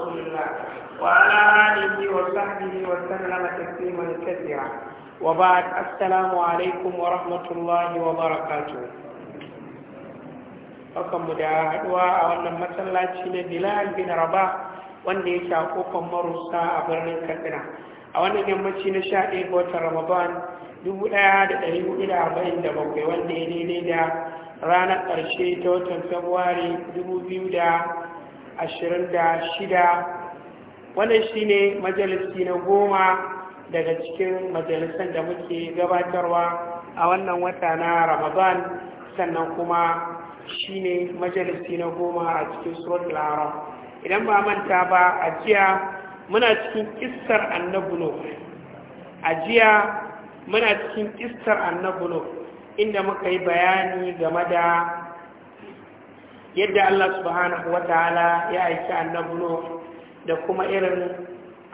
رسول الله وعلى آله وصحبه وسلم تسليما كثيرا وبعد السلام عليكم ورحمة الله وبركاته mu da haɗuwa a wannan masallaci na bilal bin raba wanda ya sha kan marusa a birnin katsina a wannan yammaci na sha ɗaya ga watan ramadan dubu ɗaya da ɗari hudu da arba'in da bakwai wanda ya daidai da ranar ƙarshe ta watan fabrairu dubu biyu da ashirin da shida wannan shine majalisi na goma daga cikin majalisan da muke gabatarwa a wannan wata na ramadan sannan kuma shine majalisi na goma a cikin surat arab idan ba manta ba a jiya muna cikin kistar annabulo a jiya muna cikin kissar annabulo inda muka yi bayani game da yadda Allah subhanahu wa ta'ala ya aiki annabi Nuh da kuma irin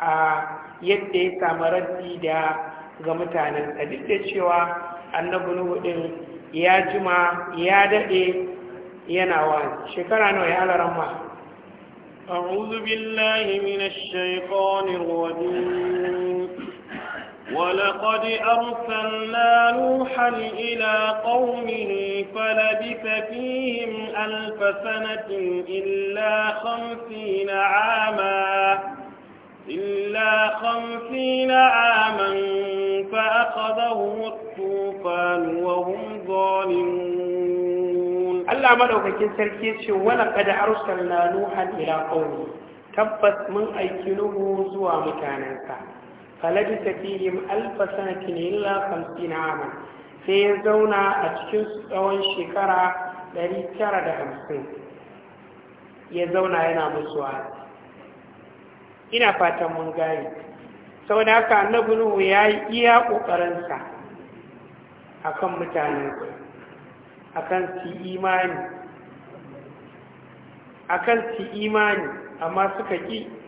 a yadda ya samu da ga mutanen sa duk da cewa annabi Nuh din ya jima ya dade yana wa shekara nawa ya ma أعوذ بالله من الشيطان الرجيم ولقد أرسلنا نوحا إلى قومه فلبث فيهم ألف سنة إلا خمسين عاما إلا خمسين عاما فأخذهم الطوفان وهم ظالمون الله ملوكك الكيس ولقد أرسلنا نوحا إلى قومه تبت من أيكنه زوى مكانك falabisa fihim alfa sanatin illa hamsin ama sai ya zauna a cikin tsawon shekara ɗari da hamsin ya zauna yana musuwa ina fatan mun gani sau da haka annabi nuhu ya yi iya ƙoƙarinsa a kan mutane a su imani a su imani amma suka ƙi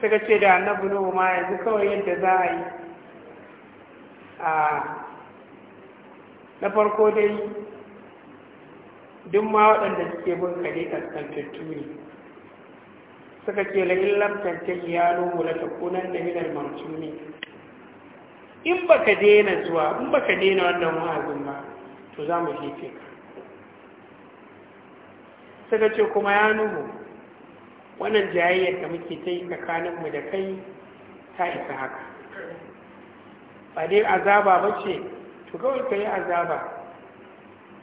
suka ce da annabu nuhu ma yanzu kawai yadda za a yi a na farko dai duk ma waɗanda suke bin kare kaskantattu ne suka ce in lantarki ya nuhu la takunan da minar ne in baka daina zuwa in baka daina wannan wa'azin ba to za mu jefe ka suka ce kuma ya nuhu wannan jayayyar da muke ta yi tsakaninmu da kai ta isa haka ba dai azaba ba ce to kawai ka yi azaba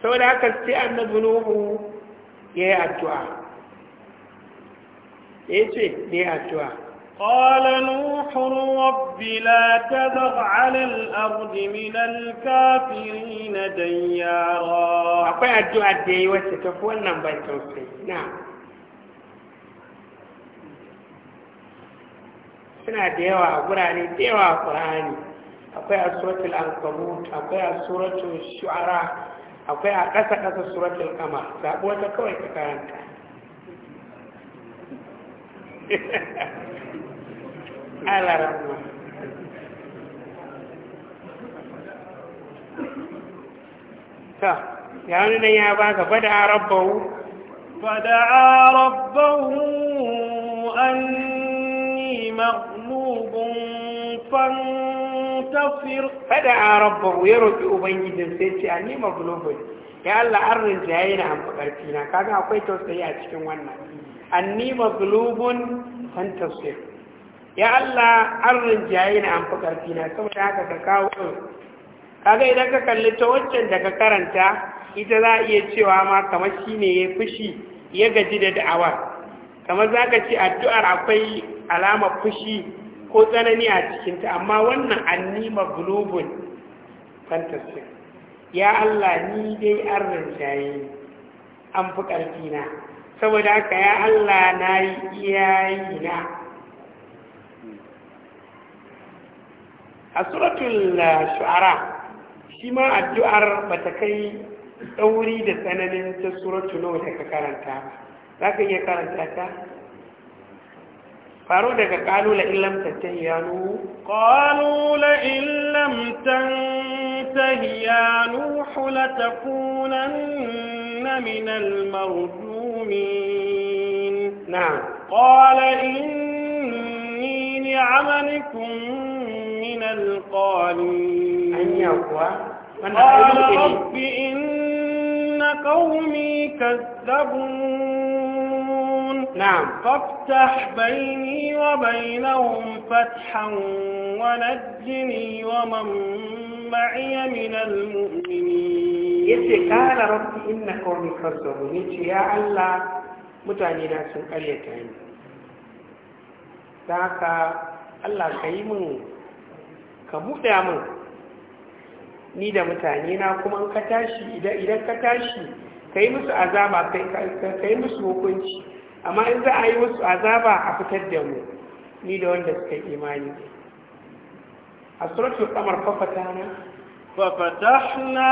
Sau da haka sai annabi nuhu ya yi addu'a ya ya ce da ya addu'a قال نوح رب لا تذر على الأرض من الكافرين ديارا أقول أدعو أدعي وستفوى النمبر توسي نعم suna da yawa a gurare da yawa a ƙur'ani akwai a suratul ankabut akwai a suratul shu'ara akwai a ƙasa ƙasa suratul kamar zaɓi wata kawai ta karanta يا ربنا يا ya فدعا ربه فدعا ربه أني fada gumfan tafsir a rabba ya roƙi ubangijin sai ce a nima global ya Allah an rinja yayi na hamfa ƙarfi na akwai tausayi a cikin wannan an nima global fan tafsir ya Allah an rinja yayi na hamfa saboda haka ka kawo kaga idan ka kalli ta wancan da ka karanta ita za a iya cewa ma kamar shine ya ya gaji da da'awar kamar za ka ce addu'ar akwai alamar fushi ko tsanani a cikinta amma wannan annima global fantastic ya Allah ni dai an rinjaye an fi ƙarfina saboda haka ya Allah na yi iyayi na a suratul eh, shu'ara shi ma addu'ar ba ta kai ɗauri da tsananin ta suratul nawa da ka karanta ba za ka iya karanta ta faro daga kalu la illam tantahi ya nuhu qalu la illam tantahi ya nuhu la takunanna min al marjumin na'am qala inni li'amalikum min al qalin an yaqwa qala rabbi inna qaumi kazzabun نعم فافتح بيني وبينهم فتحا ونجني ومن معي من المؤمنين يسي قال ربي إن قومي كذبون يسي يا الله mutane da sun karyata ni ta haka Allah ka yi min ka buɗe min ni da mutane kuma in idan ka tashi ka yi musu azaba ka musu hukunci amma in za a yi musu azaba a fitar da mu ni da wanda suka imani a suratul qamar fa fatana fa fatahna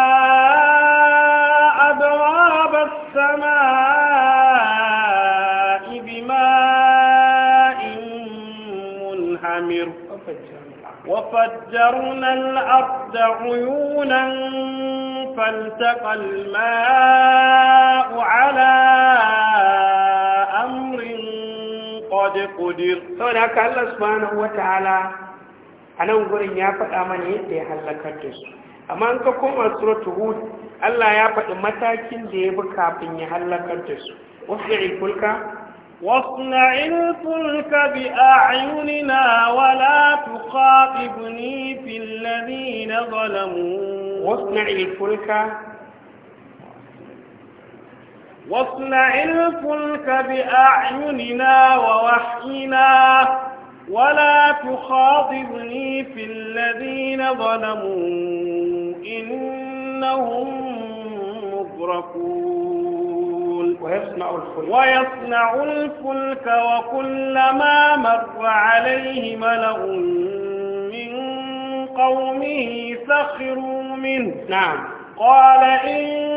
abwab as-samaa'i bima'in munhamir وفجرنا الأرض عيونا فالتقى الماء على dai kodir saboda haka Allah subhanahu wataala a nan gurin ya faɗa mana yadda ya halakar da su amma an ka koma suratul hud Allah ya faɗi matakin da ya bi kafin ya halakar da su wasna'il fulka wasna'il fulka bi a'yunina wa la tuqatibni fil ladina zalamu wasna'il fulka واصنع الفلك بأعيننا ووحينا ولا تخاطبني في الذين ظلموا إنهم مغرقون ويصنع الفلك, ويصنع الفلك وكلما مر عليه ملأ من قومه سخروا منه نعم قال إن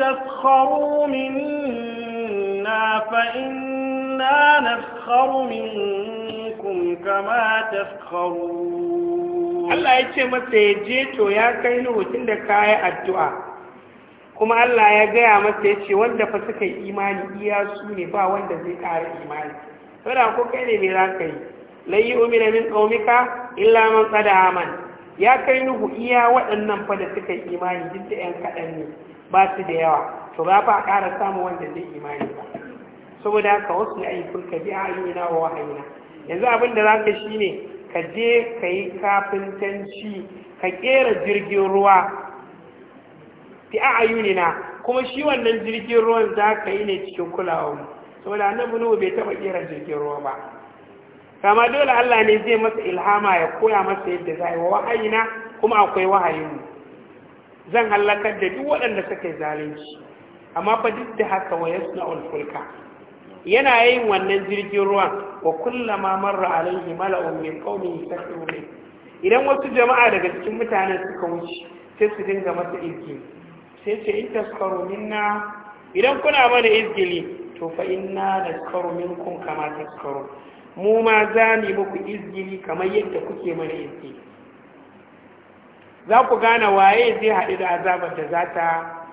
تسخروا منا فإنا نسخر منكم كما تسخرون الله يتشي مسا يجيتو يا كينو تند كاية الدعاء kuma Allah ya gaya masa ya ce wanda fa suka yi imani iya su ne ba wanda zai ƙara imani saboda ko kai ne me za ka yi lai min qaumika illa man qad aman ya kai nuhu iya waɗannan fa da suka yi imani duk da 'yan kaɗan ne ba su da yawa to ba fa ƙara samun wanda zai imani ba saboda haka wasu na ayyukan ka bi ayyuna wa wahayina yanzu abin da zaka shine ka je ka yi kafintanci ka kera jirgin ruwa bi ayyunina kuma shi wannan jirgin ruwan za ka yi ne cikin kulawa saboda annabi nuhu bai taba kera jirgin ruwa ba kama dole Allah ne zai masa ilhama ya koya masa yadda za yi wa wahayina kuma akwai wahayin mu zan halakar da duk waɗanda suka yi zalunci amma fa duk da haka wa yasna ulfulka yana yin wannan jirgin ruwan wa kullama marra alaihi mala'un min qaumin yastakbiru idan wasu jama'a daga cikin mutanen suka wuce sai su dinga masa izgi sai ce in taskaru minna idan kuna mana izgili to fa inna naskaru minkum kama taskaru mu ma za mu muku izgili kamar yadda kuke mana izgili za ku gane waye zai haɗu da azabar da za ta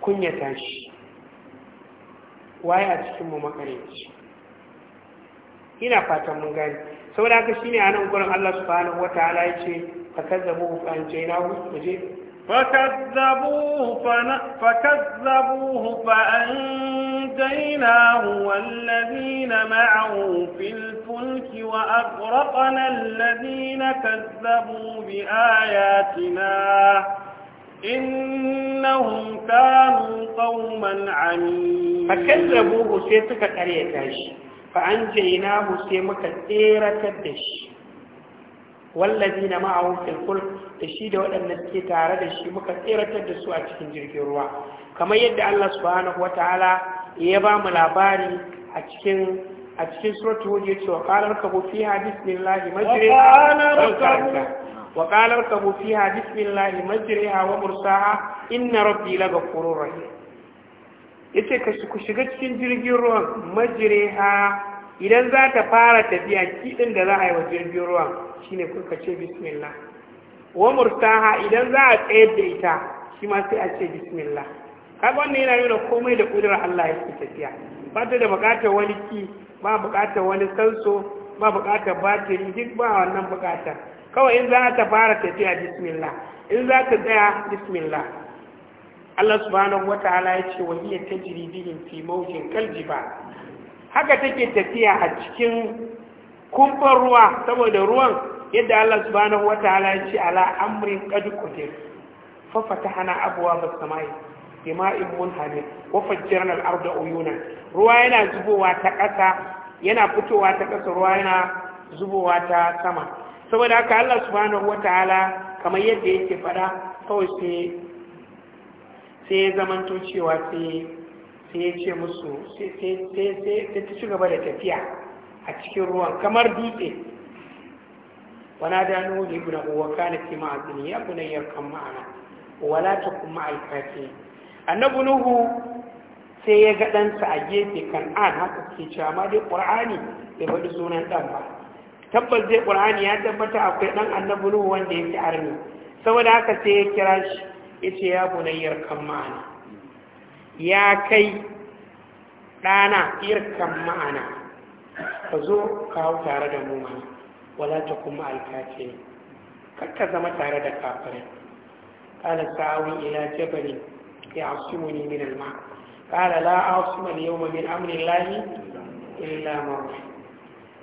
kunyata shi waye a cikinmu makareci ina fatan mun gani saboda haka shine a nan gurin Allah subhanahu wataala ce fakazzabu fa hu waje fakazzabu fa fakazzabu fa an نجيناه والذين معه في الفلك وأغرقنا الذين كذبوا بآياتنا إنهم كانوا قوما عمين فكذبوه سيتك قريتاش فأنجيناه سيمك تيرة الدش والذين معه في الفلك الشيء ده ودن suke tare da shi muka tseratar da su a cikin jirgin ruwa kamar yadda Allah subhanahu wataala ya ba mu labari a cikin a cikin suratul hud ce wa qala rakabu fi hadithillahi majriha wa qala rakabu fi hadithillahi majriha wa mursaha inna rabbi lagafurur rahim yace ka ku shiga cikin jirgin ruwan majriha idan za ta fara tafiya kidin da za a yi wa jirgin ruwan shine kuka ce bismillah wa mursaha idan za a tsayar da ita shi ma sai a ce bismillah kaga wannan yana nuna komai da kudurar Allah ya ke tafiya ba ta da bukatar wani ki ba bukatar wani sanso ba bukatar batiri duk ba wannan bukatar kawai in za ta fara tafiya bismillah in za ta tsaya bismillah Allah subhanahu ta'ala ya ce wa hiya tajri bihim fi mawjin kaljiba haka take tafiya a cikin kumfar ruwa saboda ruwan yadda Allah subhanahu ta'ala ya ce ala amrin qad qadir fa fatahna abwaab as-samaa'i bima'in munhamir wa fajjarna al-arda uyuna ruwa yana zubowa ta ƙasa yana fitowa ta ƙasa ruwa yana zubowa ta sama saboda haka Allah subhanahu wataala kamar yadda yake fada kawai sai sai ya zamanto cewa sai sai ya ce musu sai sai ta ci gaba da tafiya a cikin ruwan kamar dutse wana da nuhu ibn uwa kana fi ma'azini ya bunayya kan ma'ana wala takum ma'al kafirin annabi nuhu sai ya ga ɗansa a gefe kan an haka ke cewa ma dai ƙur'ani bai faɗi sunan ɗan ba tabbas dai ƙur'ani ya tabbata akwai ɗan annabi nuhu wanda yake arni saboda haka sai ya kira shi ya ce ya bunayyar kan ma'ana ya kai ɗana irkan ma'ana ka zo kawo tare da mu mana wala ta kuma alkace kakka zama tare da kafirin ina sa'awun ila jabalin يعصمني من الماء قال لا أعصم اليوم من أمر الله إلا ما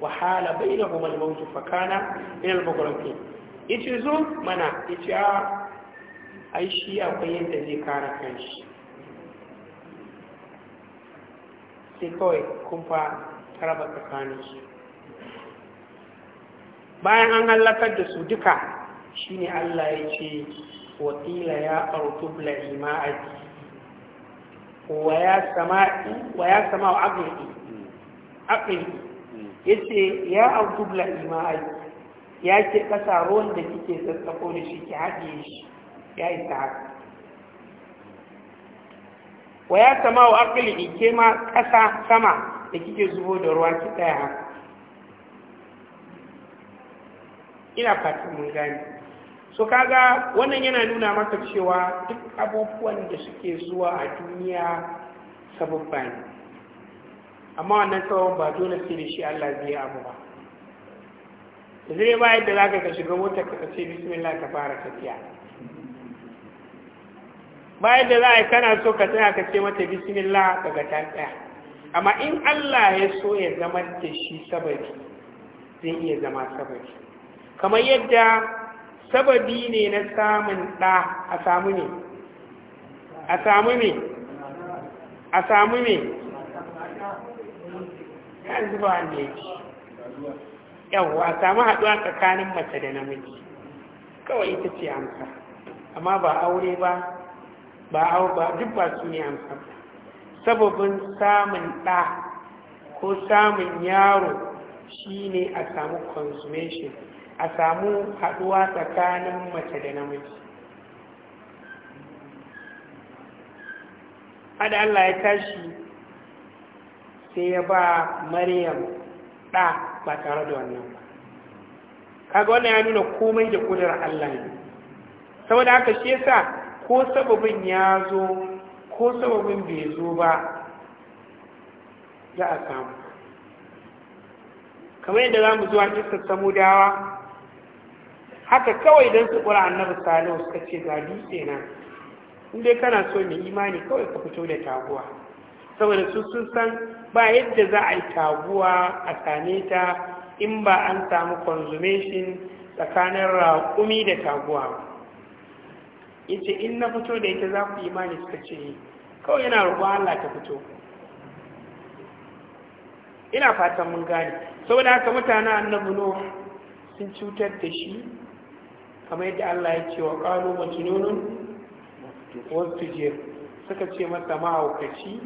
وحال بينهما الموت فكان من المغرقين yace zo mana yace a ai shi akwai yadda zai kare kanshi sai kawai kumfa ta raba bayan an hallakar da su duka shine Allah ya ce wakila ya artu bla waya sama wa sama'u aqli aqli yace ya abdubla imai ya ce kasa ruwan da kike tsatsako da shi ki haɗe shi ya isa haka waya sama wa aqli ke ma kasa sama da kike zubo da ruwa ki tsaya haka ina fatan mun gani so kaga wannan yana nuna maka cewa duk abubuwan da suke zuwa a duniya sababba ne amma wannan tsawon ba dole sai da shi Allah zai abu ba zai ba yadda za ka shiga mota ka ce bismillah ka fara tafiya Ba yadda za a yi kana so ka tsaya ka ce mata bismillah ka ga ta amma in Allah ya so ya zama da shi sabari zai iya zama sabari kamar yadda sababi ne na samun ɗa a samu ne a samu ne a samu ne yanzu ba wanda ya a samu haɗuwa tsakanin mace da namiji kawai ita ce amsa amma ba aure ba ba aure ba duk ba su ne amsa sababin samun ɗa ko samun yaro shine a samu consumation a samu haɗuwa tsakanin mace da namiji hada Allah ya tashi sai ya ba maryam ɗa ba tare da wannan ba kaga wannan ya nuna komai da ƙudurar Allah ne saboda haka shi yasa ko sababin ya zo ko sababin bai zo ba za a samu kamar yadda za mu zuwa samu dawa haka kawai don su ƙura annabi salihu suka ce ga dutse na inda kana so mai imani kawai ka fito da taguwa saboda su sun san ba yadda za a yi taguwa a same ta in ba an samu consumation tsakanin raƙumi da taguwa ya ce in na fito da ita za ku imani suka ce kawai yana rubu Allah ta fito ina fatan mun gane saboda haka mutanen annabi no sun cutar da shi kamar yadda Allah ya ce wa qalu wasu wastajir suka ce masa mahaukaci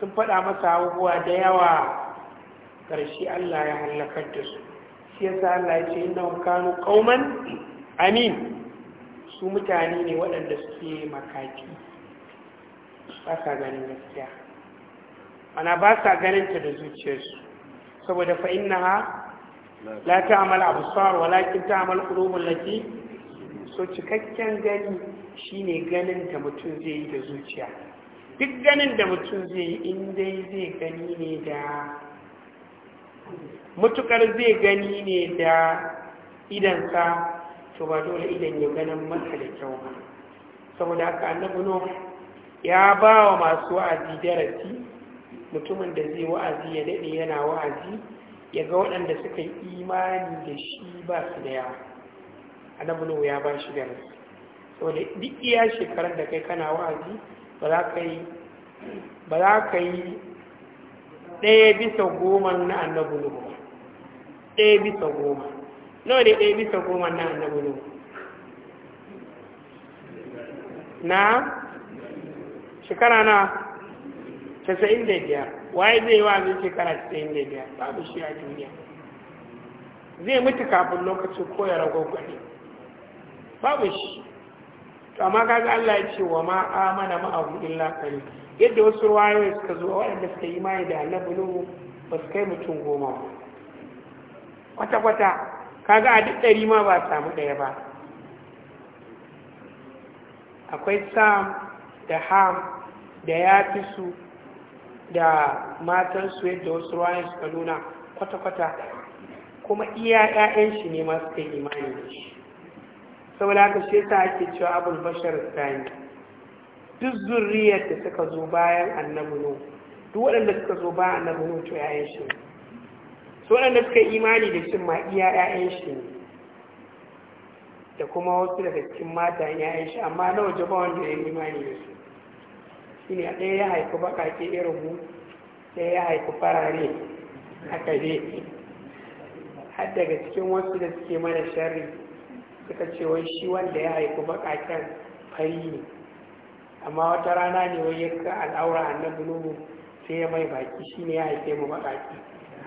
sun faɗa masa abubuwa da yawa ƙarshe Allah ya hallakar da su shi yasa Allah ya ce innahum kanu qauman amin su mutane ne waɗanda suke makaki ba sa ganin gaskiya ana ba sa ganin ta da zuciyarsu saboda fa innaha la amal abusar walakin amal qulubul lati so cikakken gani shine ganin da mutum zai yi da zuciya duk ganin da mutum zai yi in dai zai gani ne da mutukar zai gani ne da idansa to ba dole idan ya ganin masa da kyau ba saboda haka annabi no ya ba wa masu wa'azi darasi mutumin da zai wa'azi ya daɗe yana wa'azi ya ga waɗanda suka yi imani da shi ba su da yawa annabi nuhu ya ba shi da su. saboda duk iya shekarar da kai kana wa'azi ba za ka yi ba za ka yi ɗaya bisa goma na annabi nuhu ba ɗaya bisa goma nawa ne ɗaya bisa goma na annabi nuhu na shekara na 95 waye zai yi wa'azin shekara biyar babu shi a duniya zai mutu kafin lokacin koya ragwagwani babu shi to amma kaga Allah ya ce wa ma amana ma'ahu illa qalil yadda wasu ruwa ruwayoyi suka zo waɗanda suka yi mai da annabi nuhu ba su kai mutum goma ba kwata kwata kaga a duk ɗari ma ba samu ɗaya ba akwai sam da ham da su. da matansu yadda wasu ruwa suka nuna kwata-kwata kuma iya 'ya'yan shi ne masu kai imani da shi saboda haka shi yasa ake cewa abul bashar sani duk zurriyar da suka zo bayan annabi nu duk waɗanda suka zo bayan annabi nu to 'ya'yan shi ne su waɗanda suka imani da shi ma iya 'ya'yan shi ne da kuma wasu daga cikin mata 'ya'yan shi amma na waje ba wanda ya imani da su ne ɗaya ya haifi bakake irin mu ɗaya ya haifi farare a ne har daga cikin wasu da suke mana sharri suka ce wai shi wanda ya haifi bakaken fari ne amma wata rana ne wai yanka al'aura annabi nuhu sai ya mai baki shine ya haife mu bakaki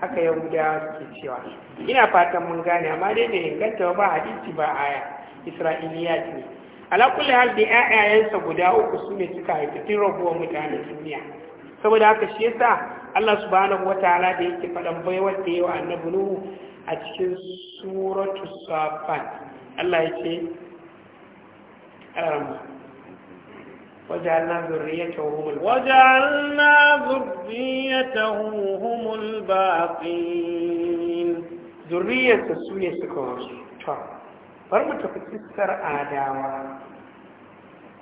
haka yahudawa suke cewa ina fatan mun gane amma dai bai inganta ba hadisi ba aya isra'iliyat ne ala kulli hal da ƴaƴayensa guda uku su ne suka haifi tun rabuwar mutane duniya saboda haka shi yasa Allah subhanahu wataala da yake fadan baiwar da yawa annabi Nuhu a cikin suratu Safat Allah yake وجعلنا ذريته هم وجعلنا ذريته هم الباقين ذرية suka سكوش bar mu tafi iskar adawa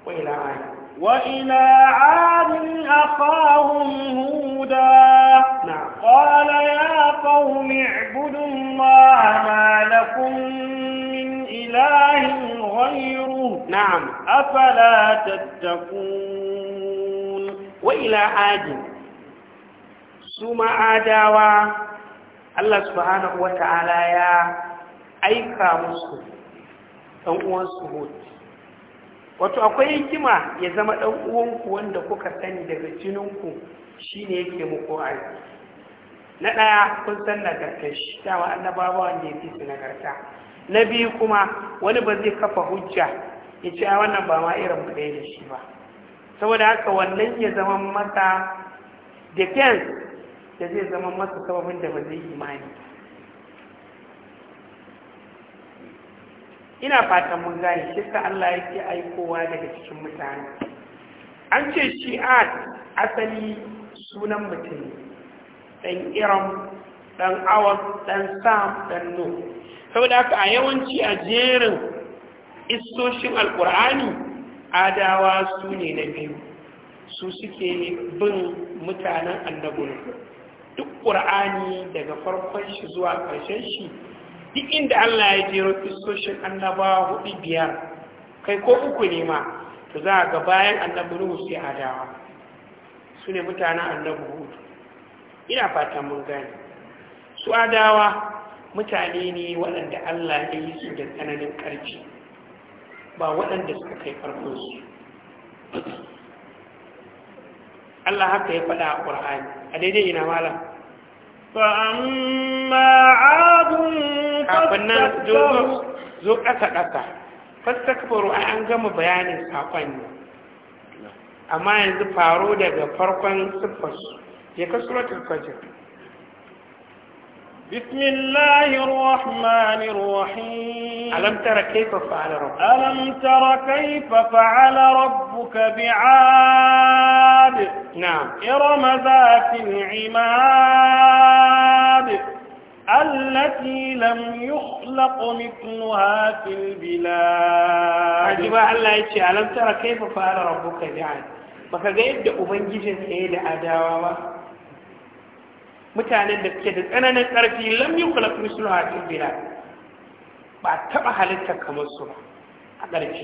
wa ila ai wa ila adin akhahum huda qala ya ibudu ma lakum min ilahin ghayru na'am afala tattaqun wa ila suma adawa Allah subhanahu wa ta'ala ya aika musu ɗan uwansu wato akwai hikima ya zama ɗan uwanku wanda kuka sani daga jininku shine yake muku aiki na ɗaya kun san nagartar shi dama annabawa wanda ya fi su nagarta na biyu kuma wani ba zai kafa hujja ya ce a wannan ba ma irin ɗaya da shi ba saboda haka wannan ya zama masa defense da zai zama masa sababin da ba zai imani ina fata mun gane shi ta Allah yake aikowa daga cikin mutane an ce a asali sunan mutum ɗan iram ɗan awam ɗan sam ɗan nu saboda haka a yawanci a jerin istoshin alkur'ani adawa su ne na biyu su suke bin mutanen annabulu duk ƙur'ani daga farkon shi zuwa ƙarshen shi duk inda Allah ya jero isoshin annabawa hudu biyar kai ko uku ne ma to za a ga bayan annabu Nuhu sai adawa su ne mutanen annabi hudu ina fatan mun gani su adawa mutane ne waɗanda Allah ya yi su da tsananin ƙarfi ba waɗanda suka kai farkon su Allah haka ya faɗa a Qur'ani a daidai ina malam fa amma kafin nan zo ƙasa-ƙasa fastakbaru a an gama bayanin saƙon ne amma yanzu faro daga farkon siffarsu ya kasuratul fajr بسم الله الرحمن الرحيم ألم تر كيف فعل ربك ألم تر كيف فعل ربك بعاد نعم إرم ذات العماد التي لم يخلق مثلها في البلاد عجبا الله يتشي ألم ترى كيف فعل ربك بعاد baka ga yadda ubangijin tsaye da adawa ba mutanen da suke da tsananin ƙarfi lam yi kula fi suna a cikin bila ba taɓa halitta kamar su ba a ƙarfi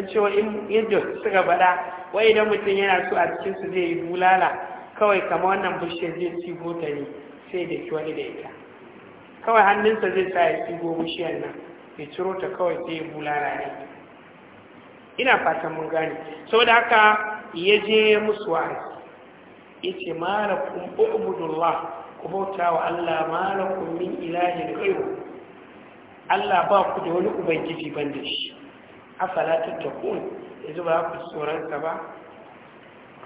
an cewa yadda suka faɗa wai idan mutum yana so a cikin su zai yi bulala kawai kama wannan bushe zai ci bota ne sai da ki wani da ita kawai hannunsa zai sa ya shigo bishiyar nan ya ciro ta kawai sai ya bula ne ina fatan mun gane saboda haka ya je musu wa'azi ya ce kun ubudullah ku bauta wa Allah kun min ilahin ghairu Allah ba ku da wani ubangiji ban da shi afala tattakun yanzu ba ku tsoron ba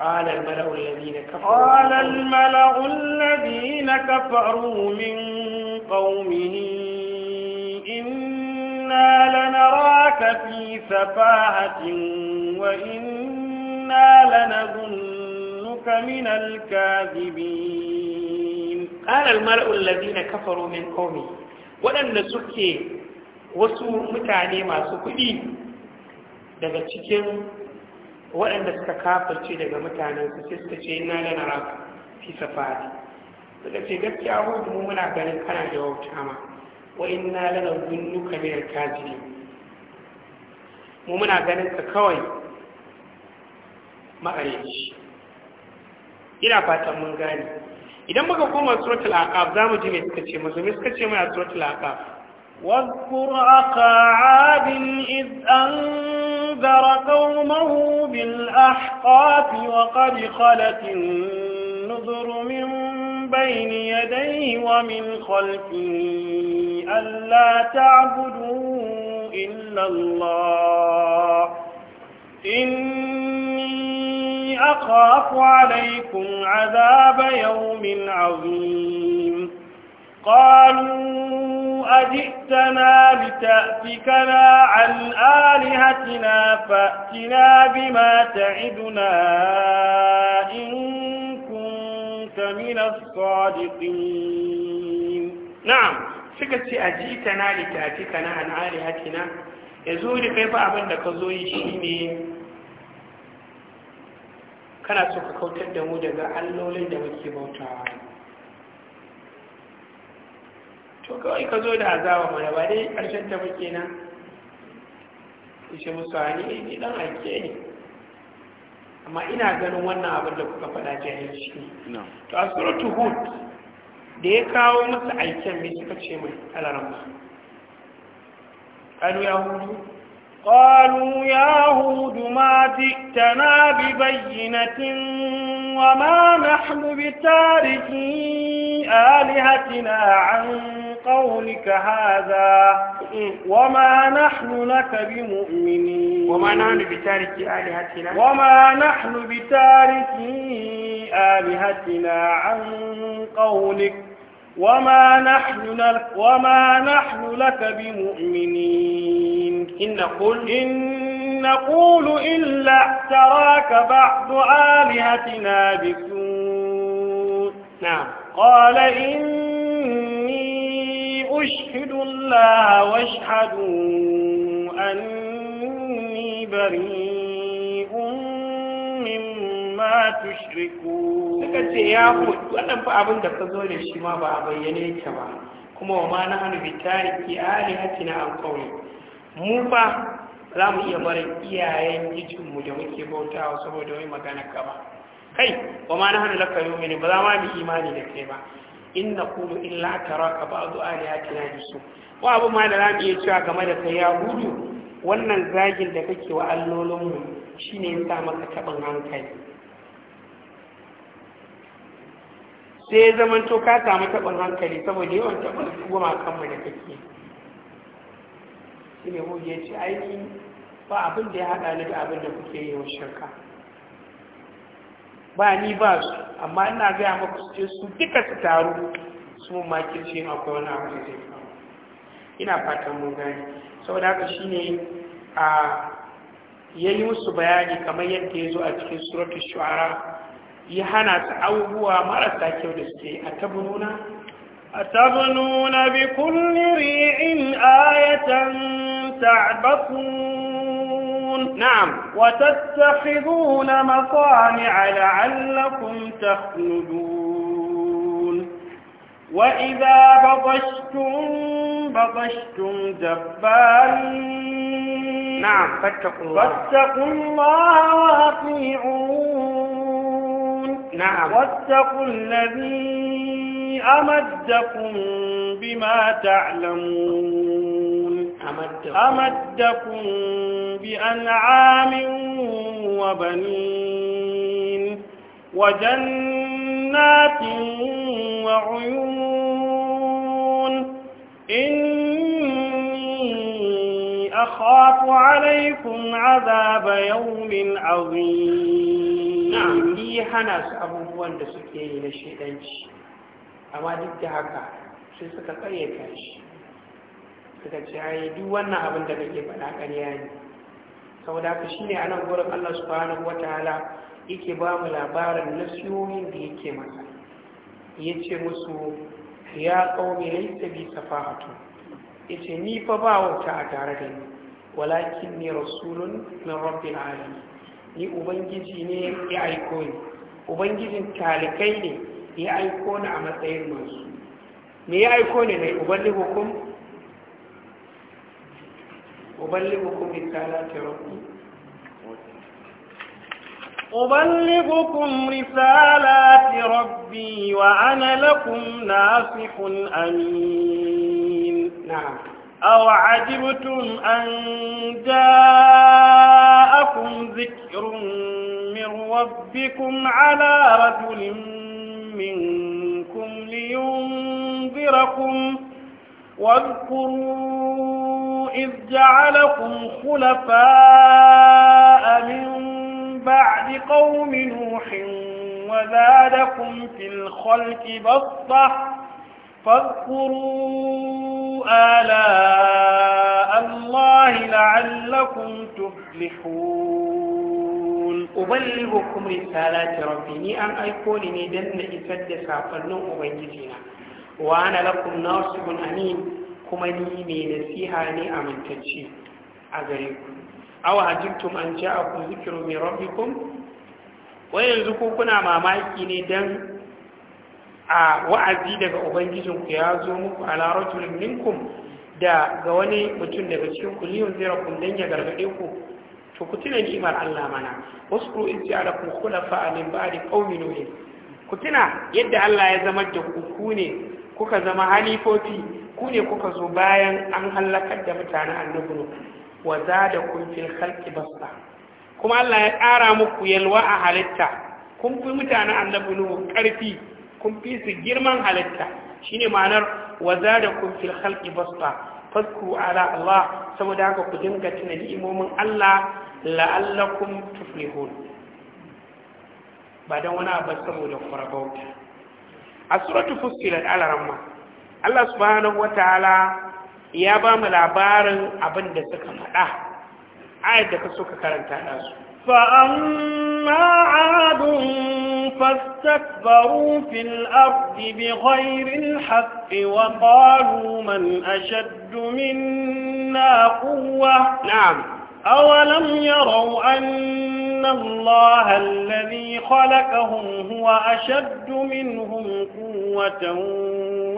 قال الملأ الذين كفروا قال الملأ الذين كفروا من قومه إنا لنراك في سفاهة وإنا لنظنك من الكاذبين قال الملأ الذين كفروا من قومه ولن سكي wasu mutane masu kuɗi daga cikin waɗanda suka kafarci daga mutanen su sai suka ce ina da nara fi safari suka ce gaskiya hudu mu muna ganin kana da wauta ma wa inna lana gunnu kamar kaji mu muna ganin ka kawai ma'arici ina fatan mun gane idan muka koma suratul aqab zamu ji me suka ce mu suka ce mai suratul aqab واذكر أخا عاد إذ أنت أنذر قومه بالأحقاف وقد خلت النذر من بين يديه ومن خلفه ألا تعبدوا إلا الله إني أخاف عليكم عذاب يوم عظيم قالوا أجئتنا لتأفكنا عن آلهتنا فأتنا بما تعدنا إن كنت من الصادقين نعم سكت أجئتنا لتأفكنا عن آلهتنا يزول كيف أبن كزوي شيني kana so ka kautar da mu daga allolin da muke bautawa to kawai ka zo da azaba mana ba dai ƙarshen ta muke nan ishe musu hani ne dan ake ne amma ina ganin wannan abin da kuka faɗa yin shi to a suratu hud da ya kawo masa aiken mai suka ce mai alaramba قالوا يا هود قالوا يا هود ما bayyana ببينة وما نحن بتاركي آلهتنا عن قولك هذا وما نحن لك بمؤمنين وما نحن بتاركي آلهتنا وما نحن بتاركي آلهتنا عن قولك وما نحن لك وما نحن لك بمؤمنين إن قل إن نقول إلا اعتراك بعض آلهتنا بسوء نعم قال إني أشهد الله واشهدوا أني بريء مما تشركون تكتي يا أخوة وأنا أبن أنا لشما بأبن ينيتما كما وما أنا بتاركي آلهتنا عن قولي مما za mu iya barin iyayen jikinmu da muke bautawa saboda wai magana ka ba kai wa ma hannu laka wani ba za ma mu imani da kai ba in zuwa da ya tina da su ba abu ma da za mu iya cewa game da kai ya gudu wannan zagin da kake wa allolinmu shine ya sa maka taɓin hankali sai zaman to ka samu taɓin hankali saboda yawan taɓin goma kanmu da kake shi ne mu ya ce aiki ba abin da ya haɗa ni da abin da kuke yi wa shirka ba ni ba su amma ina gaya maku su ce su duka su taru su mun makirce akwai wani abu da zai faru ina fatan mun gani saboda haka shine a yi musu bayani kamar yadda ya zo a cikin suratul shu'ara ya hana su abubuwa marasa kyau da suke a tabununa أتبنون بكل ريع آية تعبثون نعم وتتخذون مصانع لعلكم تخلدون وإذا بطشتم بطشتم جبارين نعم فاتقوا الله فاتقوا الله وأطيعون نعم واتقوا الذي أمدكم بما تعلمون أمدكم بأنعام وبنين وجنات وعيون إني أخاف عليكم عذاب يوم عظيم نعم لي حناس أبوان دسكي لشيئا أما دي haka sai suka karyata shi suka ce ai duk wannan abin da kake faɗa ƙarya ne saboda ka shine anan gurin Allah subhanahu wataala yake ba mu labarin siyoyin da yake masa yace musu ya qaumi laysa bi safahatu yace ni fa ba wata a tare da ni walakin ni rasulun min rabbil alamin ni ubangiji ne ya aiko ni ubangijin talikai ne ya aiko ni a matsayin masu me ya aiko ni ne ubangiji hukum أبلغكم رسالات ربي أبلغكم رسالات ربي وأنا لكم ناصح أمين نعم أو عجبتم أن جاءكم ذكر من ربكم على رجل منكم لينذركم واذكروا إذ جعلكم خلفاء من بعد قوم نوح وزادكم في الخلق بسطة فاذكروا آلاء الله لعلكم تفلحون أبلغكم رسالات ربي ني أن أيكوني ندن إسد سافرنا أبنجزنا وأنا لكم ناصب أمين kuma ni mai nasiha ne amintacce a gare ku awa hajjintum an ja a ku zikiru mai rabbikum Wai yanzu ko kuna mamaki ne don a wa'azi daga ubangijinku ya zo muku a larotun minkum da ga wani mutum daga cikin ku liyun zira kun dan ya gargaɗe ku to ku tuna ni'imar Allah mana wasu in ji ala kun khulafa min ba'di qaumin nuh ku tuna yadda Allah ya zama da ku ku ne kuka zama halifofi ku ne kuka zo bayan an halakar da mutanen annabi wa zada kun fil khalqi basta kuma Allah ya ƙara muku yalwa a halitta kun fi mutanen annabi nuhu ƙarfi kun fi su girman halitta shine ma'anar wa zada kun fil khalqi basta fadku ala Allah saboda haka ku dinga tuna ni'imomin Allah la'allakum tuflihun ba dan wani abu saboda ku a suratul fussilat al-rahman Allah subhanahu wa ta'ala ya ba mu labarin abin da suka faɗa ayat da ka suka karanta nasu فأما عاد فاستكبروا في الأرض بغير الحق وقالوا من أشد منا قوة Na’am. أولم يروا أن الله الذي خلقهم هو أشد منهم قوة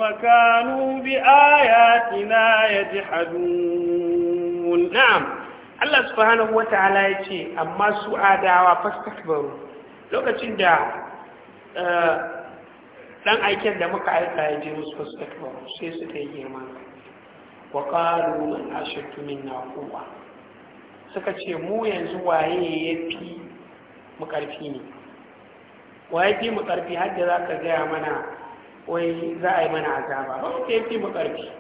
وكانوا بآياتنا يجحدون نعم الله سبحانه وتعالى يتي أما سؤادا فاستكبروا لو كنت dan aiken da muka aika ya je musu wasu takbaru sai suka yi girma wa ƙaru an ashirtu min na kowa suka ce mu yanzu waye ya fi mu ƙarfi ne waye fi mu ƙarfi har za ka gaya mana wai za a yi mana azaba ba mu ya fi mu ƙarfi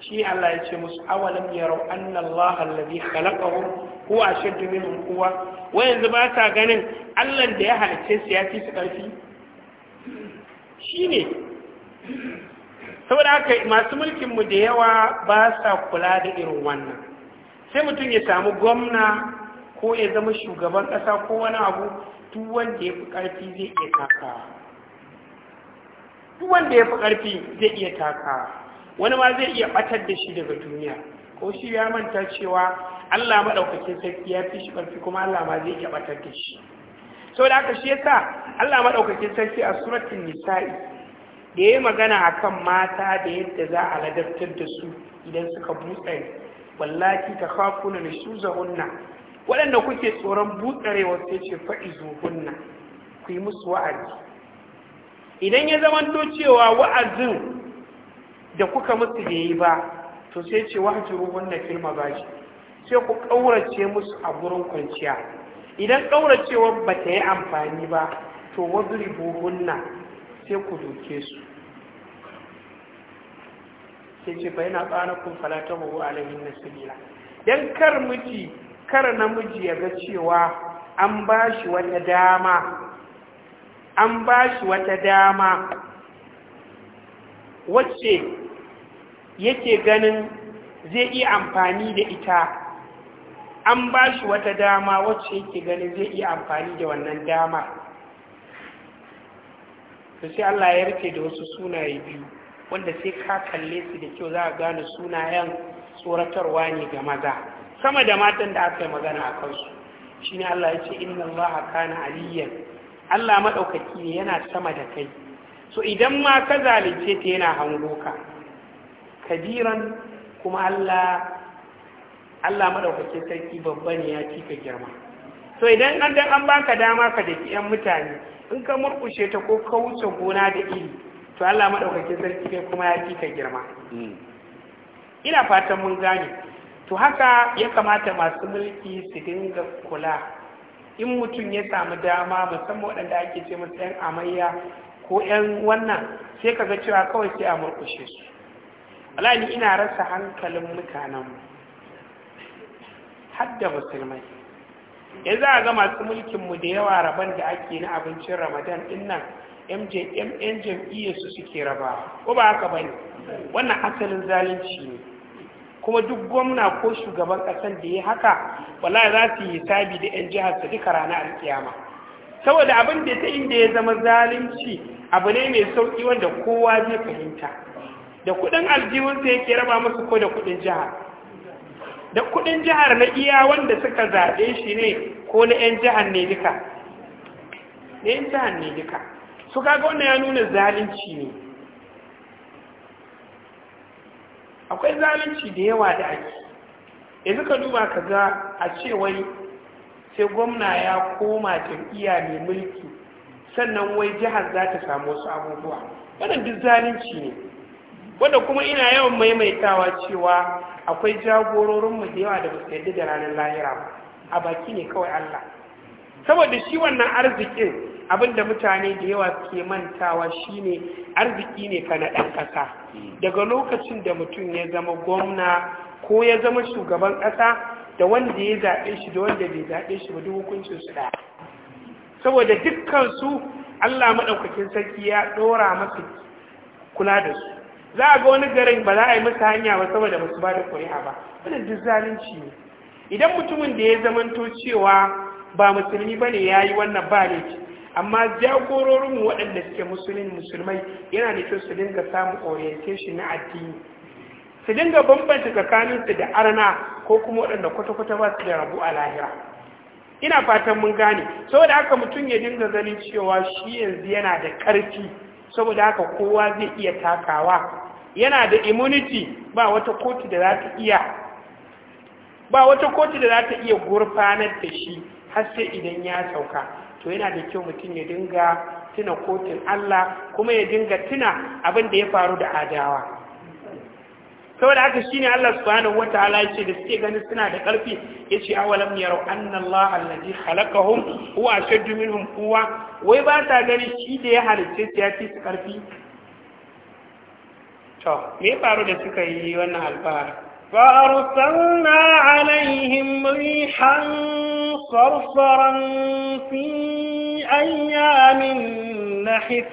shi Allah ya ce musu awalin awalam yarau anna Allah allazi ko huwa ashaddu minhum quwwa wa yanzu ba sa ganin Allah da ya halicce su ya fi su ƙarfi shine saboda haka masu mulkinmu da yawa ba sa kula da irin wannan sai mutum ya samu gwamna ko ya zama shugaban ƙasa ko wani abu duk wanda ya fi ƙarfi zai iya takawa duk wanda ya fi ƙarfi zai iya takawa wani ma zai iya ɓatar da shi daga duniya ko shi ya manta cewa Allah maɗaukacin sarki ya fi shi ƙarfi kuma Allah ma zai iya ɓatar da shi sau da aka shi ya sa Allah maɗaukacin sarki a suratun nisa'i da ya yi magana akan mata da yadda za a ladabtar da su idan suka butsa wallaki ta kafuna da shuza hunna waɗanda kuke tsoron butsarewa sai ce faɗi zuhunna ku yi musu wa'azi idan ya to cewa wa'azin da kuka musu da yi ba to sai ce wahajiru hunna filma bashi sai ku ƙaurace musu a gurin kwanciya idan ƙauracewar ba ta yi amfani ba to wazuri buhunna sai ku doke su sai ce fa yana tsanakun falatahu alaihin nasibila dan kar miji kar namiji ya ga cewa an ba shi wata dama an ba shi wata dama wacce yake ganin zai iya amfani da ita an ba shi wata dama wacce yake ganin zai iya amfani da wannan dama to sai Allah ya rike da wasu sunaye biyu wanda sai ka kalle su da kyau za a gane sunayen tsoratarwa ne ga maza sama da matan da aka yi magana a kansu shi ne Allah ya ce inna Allah kana aliyan Allah maɗaukaki ne yana sama da kai so idan ma ka zalice ta yana hango ka kabiran kuma Allah Allah sarki babba ne ya ci ka girma so idan an dan an baka dama ka da yan mutane in ka murkushe ta ko ka wuce gona da iri to Allah madaukakin sarki kai kuma ya fi ka girma hmm. ina fatan mun gane to haka ya kamata masu mulki su dinga kula in mutum ya samu dama musamman waɗanda ake ce masu 'yan amayya ko 'yan wannan sai ka ga cewa kawai sai a murkushe su alani ina rasa hankalin mutanenmu har da musulmai ya a ga masu mulkin mu da yawa rabon da ake na abincin ramadan din nan yan jam'iyyarsu suke raba ko ba haka ba wannan asalin zalunci ne kuma duk gwamna ko shugaban ƙasar da ya haka wala za su yi sabi da yan jihar su duka rana alkiyama saboda abin da ta inda ya zama zalunci abu ne mai sauki wanda kowa zai fahimta da kuɗin aljihunsa yake raba musu ko da kuɗin jihar da kuɗin jihar na iya wanda suka zaɓe shi ne ko na 'yan jihar ne duka na 'yan jihar ne duka su kaga wannan ya nuna zalunci ne akwai zalunci da yawa da ake yanzu ka duba ka ga a ce wai sai gwamna ya koma jam'iyya mai mulki sannan wai jihar za ta samu wasu abubuwa wannan duk zalunci ne wanda kuma ina yawan maimaitawa cewa akwai jagororinmu da yawa da ba su yadda da ranar lahira ba a baki ne kawai Allah saboda shi wannan arzikin Abin da mutane da yawa suke mantawa shine arziki ne ka na ɗan ƙasa daga lokacin da mutum ya zama gwamna ko ya zama shugaban ƙasa da wanda ya zaɓe shi da wanda bai zaɓe shi ba duk hukuncin su ɗaya saboda su Allah maɗaukakin sarki ya ɗora masa kula da su za a ga wani garin ba za a yi masa hanya ba saboda masu ba da ƙuri'a ba wannan duk zalunci ne idan mutumin da ya zamanto cewa ba musulmi ba ne ya yi wannan ba laifi amma jagororin waɗanda suke musulun musulmai yana da kyau su dinga samun orientation na addini su dinga bambanta tsakaninsu da arna ko kuma waɗanda kwata-kwata ba su da rabu a lahira ina fatan mun gane saboda haka mutum ya dinga ganin cewa shi yanzu yana da ƙarfi saboda haka kowa zai iya takawa yana da immunity ba wata kotu da za ta iya ba wata kotu da za ta iya gurfanar da shi har sai idan ya sauka to yana da kyau mutum ya dinga tuna kotun Allah kuma ya dinga tuna abin da ya faru da adawa saboda haka shi ne Allah subhanahu wataala ce da suke ganin suna da ƙarfi ya yace awalam yarau anna Allah allazi a huwa ashaddu minhum kuwa, wai ba ta gani shi da ya halarci su ya fi su ƙarfi to me faru da suka yi wannan alfahar fa arsalna alaihim rihan صرصرا في أيام نحفات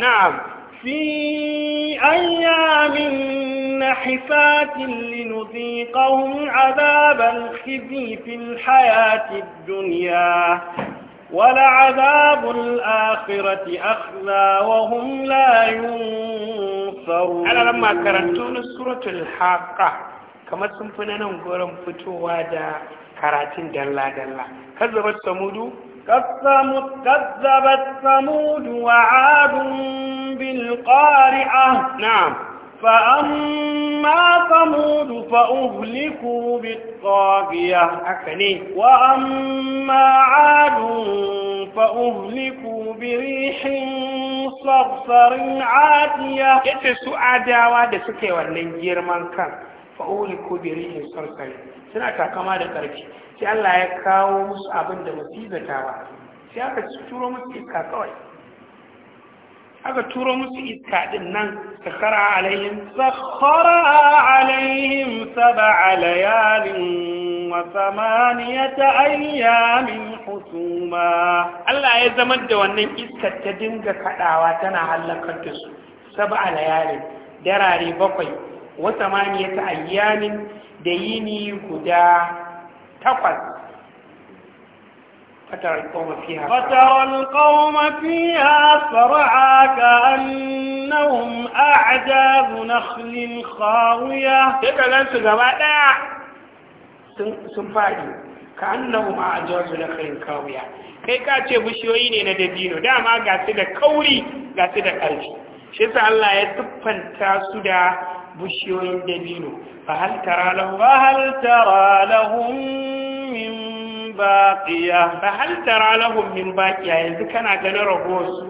نعم في أيام نحفات لنذيقهم عذاب الخزي في الحياة الدنيا ولعذاب الآخرة أخزى وهم لا ينصرون أنا لما قرأتون سورة الحاقة كما sun نقول nan gurin karatun dalla-dalla kazzabat samudu kazzabat samudu wa adun bil qari'a na'am fa amma samudu fa uhliku bit taghiya haka ne wa amma adun fa uhliku bi rihin sarsarin atiya su adawa da suke wannan girman kan fa uhliku bi rihin suna takama da ƙarfi sai Allah ya kawo musu abin da musu zatawa sai aka turo musu iska kawai aka turo musu iska din nan sakara alaihim sakhara alaihim sab'a layalin wa thamaniyata ayyamin husuma Allah ya zama da wannan iskar ta dinga kadawa tana halakar da su sab'a layalin darare bakwai wa thamaniyata ayyamin da yini guda takwas فترى القوم فيها فترى كأنهم أعجاب نخل خاوية تبقى لن تقوى لا سنفاجي كأنهم أعجاب نخل خاوية kai ka ce bishiyoyi ne na dabino dama ga su da kauri ga su da ƙarfi shi sa Allah ya tuffanta su da bishiyoyin dabino فهل ترى لهم فهل ترى لهم من باقية فهل ترى لهم من باقية yanzu kana ganin ragosu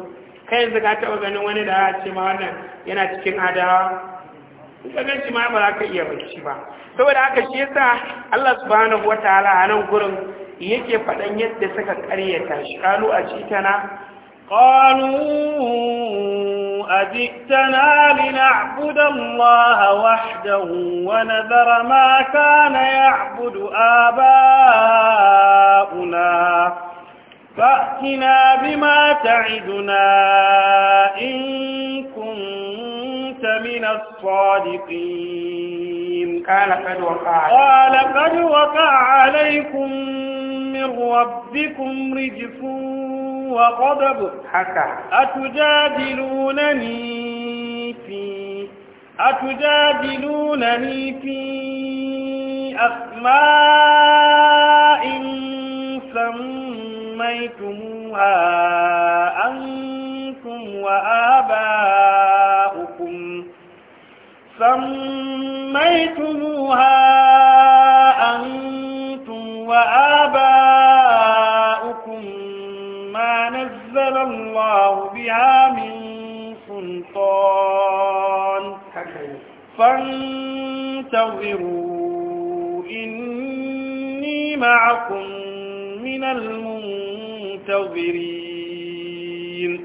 kai yanzu ka taɓa ganin wani da ce ma wannan yana cikin adawa in ka gan shi ma ba za ka iya bacci ba saboda haka shi yasa Allah subhanahu wataala a nan gurin yake faɗan yadda suka ƙaryata shi kalu a citana قالوا أجئتنا لنعبد الله وحده ونذر ما كان يعبد آباؤنا فأتنا بما تعدنا إن كنت من الصادقين قال قد وقع قال قد وقع عليكم من ربكم رجفون وغضب حكى أتجادلونني في أتجادلونني في أسماء سميتموها أنتم وآباؤكم سميتموها أنتم وآباؤكم نزل الله بها من سلطان فانتظروا إني معكم من المنتظرين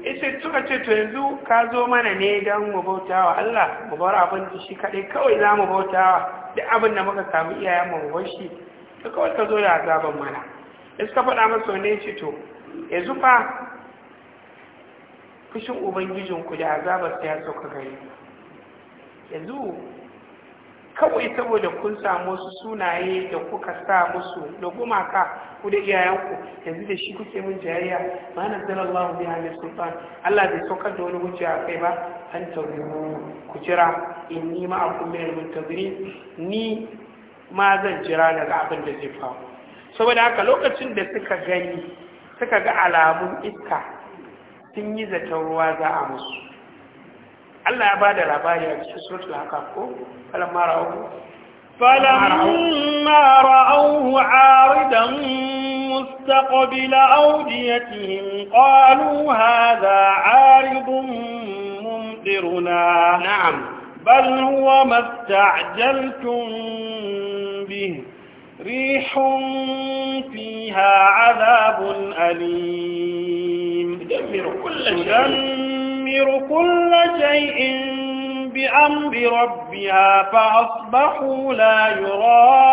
ita suka ce to yanzu ka zo mana ne don mu bautawa Allah mu bar abin da shi kaɗai kawai za mu bautawa duk abin da muka samu iyayen mu bar shi to kawai ka zo da azaban mana da suka faɗa masa ne ce to yanzu fa fushin ubangijinku da azabarsa ya sauka gari yanzu kawai saboda kun samu su sunaye da kuka sa musu da gumaka ku da iyayenku yanzu da shi kuke min jayayya Ba na zara Allah bi hali sultan Allah bai saukar da wani wuce a kai ba an tauriru ku jira in ni ma akun min muntaziri ni ma zan jira daga abin da zai faru saboda haka lokacin da suka gani suka ga alamun iska sun yi zaton ruwa za a musu Allah ya bada labari a cikin suratul haka ko falamma ra'u falamma ra'u 'aridan mustaqbil awdiyatihim qalu hadha 'aridun mumdiruna na'am bal huwa mastajjaltum bihi ريح فيها عذاب أليم تدمر كل شيء تدمر كل شيء بأمر ربها فأصبحوا لا يرى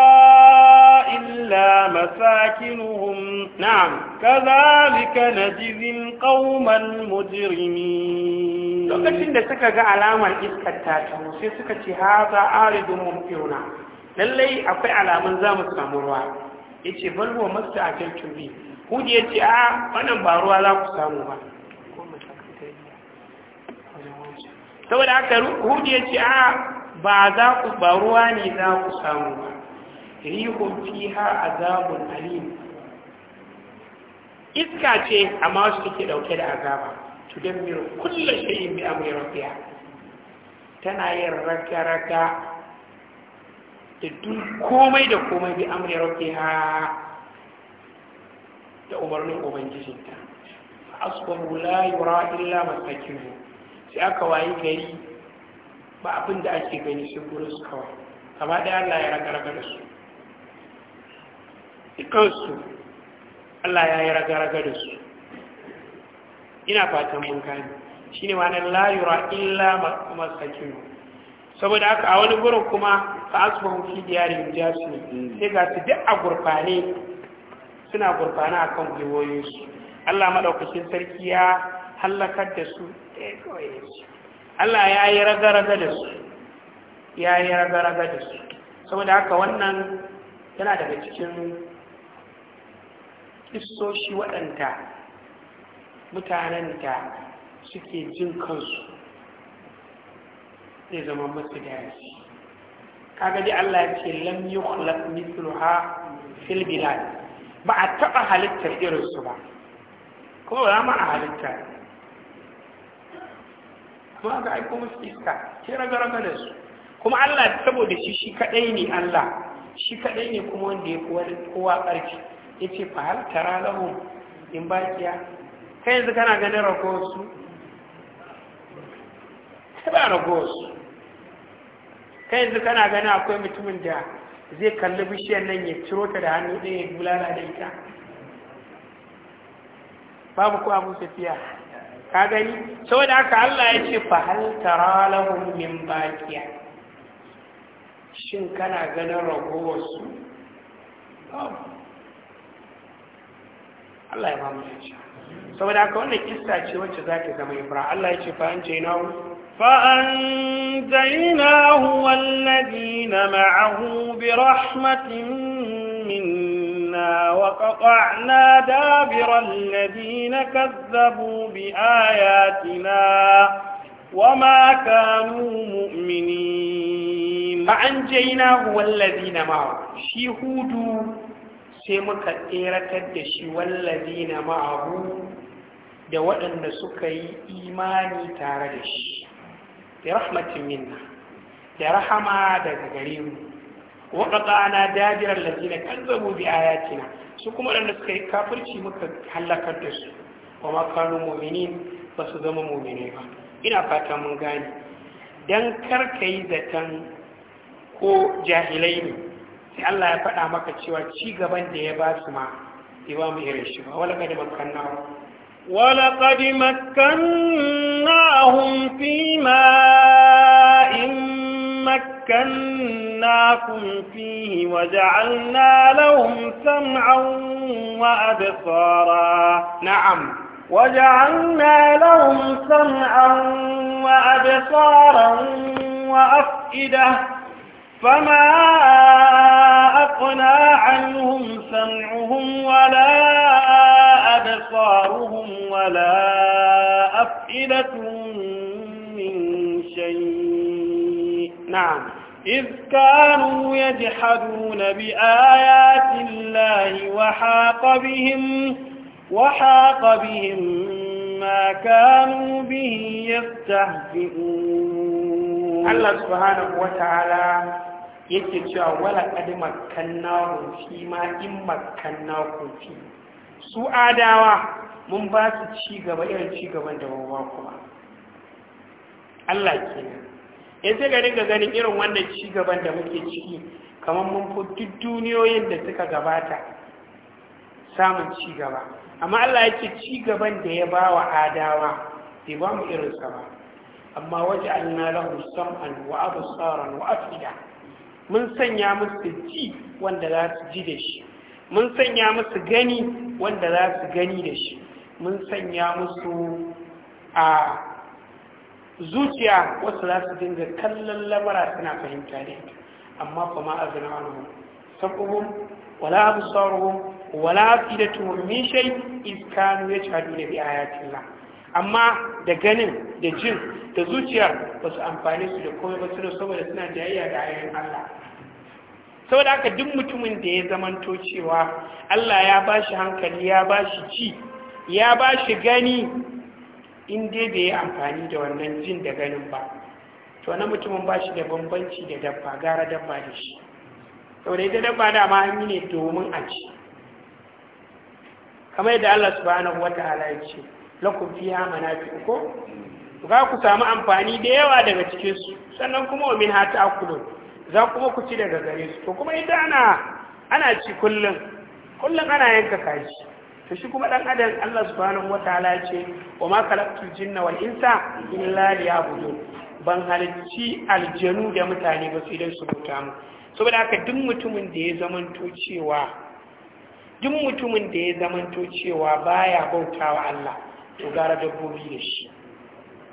إلا مساكنهم نعم كذلك نجزي القوم المجرمين لقد عندما تكا علامة إسكتاتهم سيسكت هذا آرد ممكننا lallai akwai alamun za mu samu ruwa ya ce balwa masu a kyan turi hudu ya ce a wannan ba ruwa za ku samu ba saboda haka hudu ya ce a ba za ku ba ruwa ne za ku samu ba rihun fiha azabun alim iska ce amma masu take dauke da azaba To tudammiru kullum shay'in bi amri rabbiha tana yin raka-raka da duk komai da komai bi amri rabbi ha da umarnin ubangijinta asbahu la yura illa masakihu sai aka wayi gari ba abin da ake gani sai gurin su kawai kama ɗaya Allah ya ragaraga da su ikansu Allah ya yi ragaraga da su ina fatan mun gani shine ma'anar la yura illa masakihu saboda haka a wani gurin kuma fa asbahu fi diyarihim jasu sai ga su duk a gurfane suna gurfana akan su. Allah madaukakin sarki ya halakar da su eh, Allah ya yi raga-raga da su ya yi raga-raga da su saboda haka wannan yana daga cikin isoshi waɗanda mutanenta suke jin kansu zai zama masu gari kaga dai Allah ya ce lam yukhlaq mithluha fil bilad ba a taba halittar irin su ba ko ba ma a halitta kuma ga aiko musu iska ce raga da su kuma Allah saboda shi shi kadai ne Allah shi kadai ne kuma wanda ya kowa kowa karfi yace fa hal tara lahu in baqiya kai yanzu kana ganin ragowar su ba ragowar su kai yanzu kana gani akwai mutumin da zai kalli bishiyar nan ya ciro ta da hannu ɗaya ya bulala da ita babu ko abu tafiya ka gani saboda haka Allah ya ce fa hal tara lahum min baqiya shin kana ganin ragowar su Allah ya ba mu saboda haka wannan kissa ce wacce zaka zama ibra Allah ya ce fa an jainahu فأنجيناه والذين معه برحمة منا وقطعنا دابر الذين كذبوا بآياتنا وما كانوا مؤمنين فأنجيناه والذين معه شهودوا سمك إيرتد شي والذين معه da waɗanda suka yi imani tare da shi bi rahmatin minna da rahama daga gare mu wa qata'na dajira ladina kazzabu bi ayatina su kuma wadanda suka yi kafirci muka halakar da su wa ma kanu mu'minin ba su zama mu'mine ba ina fata mun gane dan kar ka yi zaton ko jahilai ne sai Allah ya faɗa maka cewa ci gaban da ya ba su ma bai ba mu irin shi ba wala kad wala kad وَمَتَّعْنَاهُمْ فِيمَا مكناكم فيه وجعلنا لهم سمعا وأبصارا نعم وجعلنا لهم سمعا وأبصارا وأفئدة فما أقنى عنهم سمعهم ولا أبصارهم ولا أفئدتهم شيء نعم إذ كانوا يجحدون بآيات الله وحاق بهم وحاق بهم ما كانوا به يستهزئون الله سبحانه وتعالى yake cewa wala kadi makanna ma in makanna fi su adawa mun basu su irin cigaban gaban da wawa kuma Allah ke ya sai ga dinga ganin irin wannan ci gaban da muke ciki kamar mun fi duniyoyin da suka gabata samun ci gaba amma Allah yake ci gaban da ya ba wa adawa bai ba mu sa ba amma waje alna lahu sam'an wa absaran wa afida mun sanya musu ji wanda za su ji da shi mun sanya musu gani wanda za su gani da shi mun sanya musu a zuciya wasu za su dinga kallon lamara suna fahimta ne amma kuma a zina wani sabuhun wala abu wala fi da tuhummin shai iskanu ya cadu da bi ayatullah amma da ganin da jin da zuciya ba su amfani su da komai ba da saboda suna jayayya da ayoyin Allah saboda haka duk mutumin da ya zamanto cewa Allah ya ba shi hankali ya ba shi ci ya ba shi gani in dai bai yi amfani da wannan jin da ganin ba to na mutumin ba shi da bambanci da dabba gara dabba da shi saboda ita dabba da an yi ne domin a ci kamar yadda Allah subhanahu wata'ala ya ce lakum fiha manafi'u ko za ku samu amfani da yawa daga cikin su sannan kuma wa min hata akulun za kuma ku ci daga gare su to kuma ita ana ana ci kullum kullum ana yanka kashi to shi kuma dan adam Allah subhanahu wataala ya ce wa ma khalaqtul jinna wal insa illa liya'budun ban halicci aljanu da mutane ba su idan su buta mu saboda haka duk mutumin da ya zamanto cewa duk mutumin da ya zamanto cewa baya bautawa Allah to gara dabbobi da shi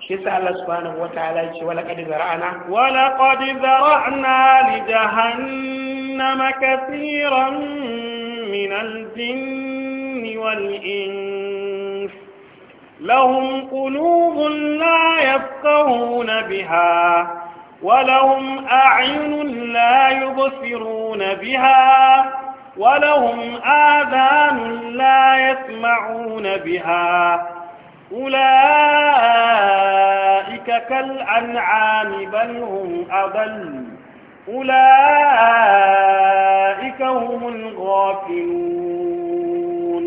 shi yasa Allah subhanahu wataala ya ce wala qad zara'na wala qad zara'na li jahannama katiran min al-jinn والإنس لهم قلوب لا يفقهون بها ولهم أعين لا يبصرون بها ولهم آذان لا يسمعون بها أولئك كالأنعام بل هم أضل أولئك هم الغافلون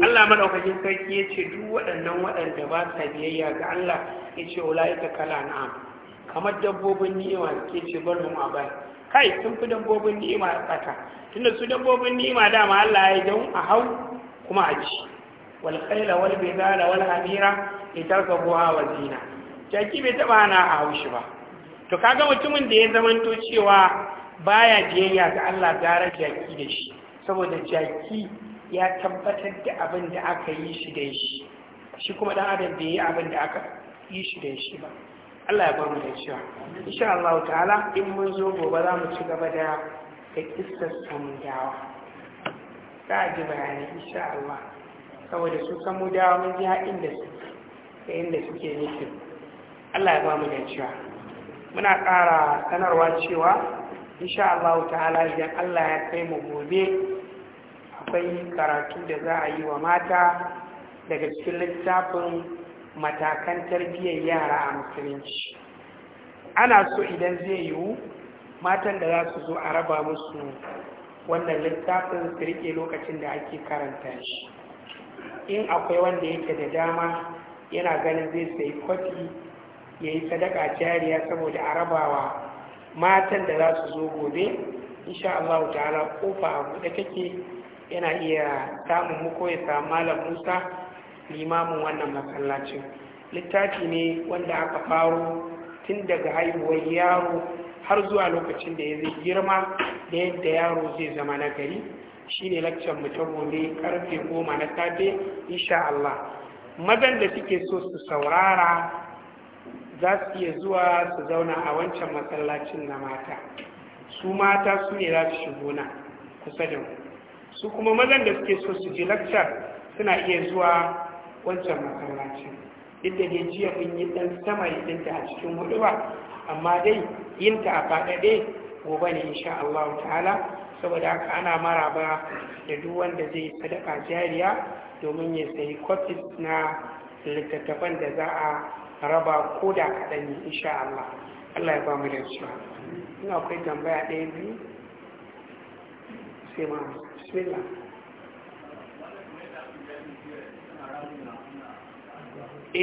Allah madaukakin sarki ya ce duk waɗannan waɗanda ba sa biyayya ga Allah ya ce ita kala na'am kamar dabbobin ni'ima ke ce bar mu ba kai sun fi dabbobin ni'ima tsaka tunda su dabbobin ni'ima dama Allah ya don a hau kuma a ci wal khaila wal bidala wal hamira litarkabuha wa zina jaki bai taba hana a hau shi ba to kaga mutumin da ya zamanto cewa baya biyayya ga Allah gara jaki da shi saboda jaki ya tabbatar da abin da aka yi shi da shi shi kuma dan adam bai yi abin da aka yi shi da shi ba Allah ya bar mu da cewa insha Allah ta'ala in mun zo gobe za mu ci gaba da da kissar samudawa za a ji bayani insha Allah saboda su samudawa mun ji haɗin da su da inda suke nufi Allah ya bar mu da cewa muna ƙara sanarwa cewa insha Allah ta'ala idan Allah ya kai mu gobe akwai karatu da za a yi wa mata daga cikin littafin matakan tarbiyyar yara a musulunci ana so idan zai yiwu matan da za su zo a raba musu wannan littafin su rike lokacin da ake karanta shi in akwai wanda yake da dama yana ganin zai sayi kwafi ya yi sadaka jariya saboda a rabawa matan da za su zo gobe insha Allah ta'ala kofa a buɗe take yana iya samun muku ya samu malam musa limamin wannan masallacin littafi ne wanda aka faro tun daga haihuwar yaro har zuwa lokacin da ya zai girma da yadda yaro zai zama na gari shine laccan mu ta gobe karfe goma na safe insha Allah mazan da suke so su saurara za su iya zuwa su zauna a wancan masallacin na mata su mata su ne za su shigo kusa da mu su kuma mazan da suke so su je lakcar suna iya zuwa wancan masallacin inda da dai jiya kun yi dan sama yinta a cikin huduwa amma dai yinta a faɗaɗe gobe ne insha Allah ta'ala saboda haka ana maraba da duk wanda zai sadaka jariya domin ya sayi kwafis na littattafan da za a raba ko da kaɗan ne insha Allah Allah ya ba mu da cewa in akwai tambaya ɗaya biyu sai mu E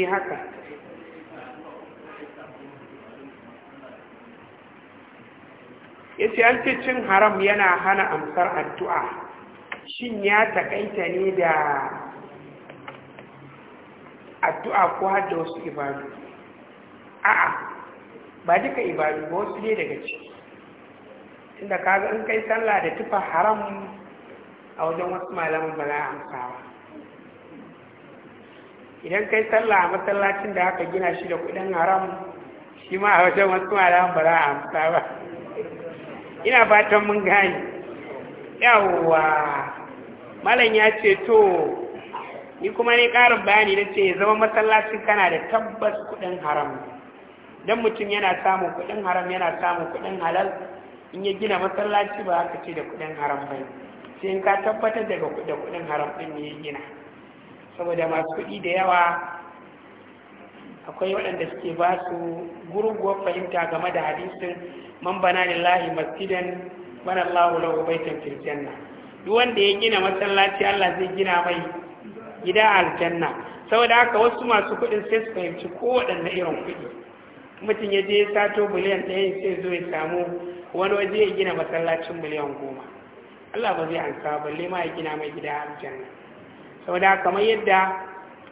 haka yace an ce cin haram yana hana amsar addu'a shin ya taƙaita ne da addu'a ko hada wasu ibadu a'a ba duka ibadu ba wasu ne daga ciki inda kaga in kai sallah da tufa haram a wajen wasu malamin ba za a amsa ba idan kai sallah a masallacin da aka gina shi da kudin haram shi ma a wajen wasu malamin ba za a amsa ba ina fatan mun gani yawwa malam ya ce to ni kuma ne ƙarin bayani na ce zama masallacin kana da tabbas kudin haram don mutum yana samun kudin haram yana samun kudin halal in ya gina masallaci ba aka ce da kudin haram bai sai ka tabbatar daga da kuɗin haram din ne gina saboda masu kuɗi da yawa akwai waɗanda suke ba su gurguwar fahimta game da hadisin man bana lillahi masjidan bana wa lahu baitan fil janna duk wanda ya gina masallaci Allah zai gina mai gida aljanna saboda haka wasu masu kuɗin sai su fahimci ko waɗanne irin kuɗi mutum ya je sato miliyan ɗaya sai zo ya samu wani waje ya gina masallacin miliyan goma Allah ba zai ansa balle ma ya gina mai gida aljanna saboda kamar yadda